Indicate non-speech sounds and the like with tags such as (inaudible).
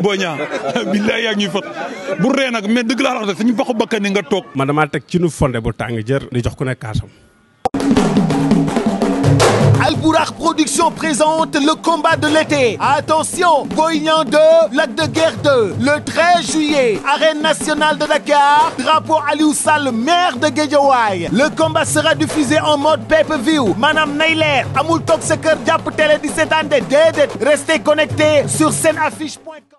boo ñaa (laughs) billaay yaa ñuy fot bu ree nag mais dëgg laa la wax rek suñu baxu bakkan nga toog. man damaa teg ci nu fonde bu tàng jër. di jox ku nekk kaasam. Alburak Production présente le combat de l'été. Attention, Boy Niang 2, Lac de Guerre 2, le juillet, Arène nationale de Dakar, drapeau Aliou Sall, maire de Guédiawaye. Le combat sera diffusé en mode pay Madame Neyler, amul toog sa kër jàpp télé di seetaan de déedéet. Restez connectés sur seneaffiche.com.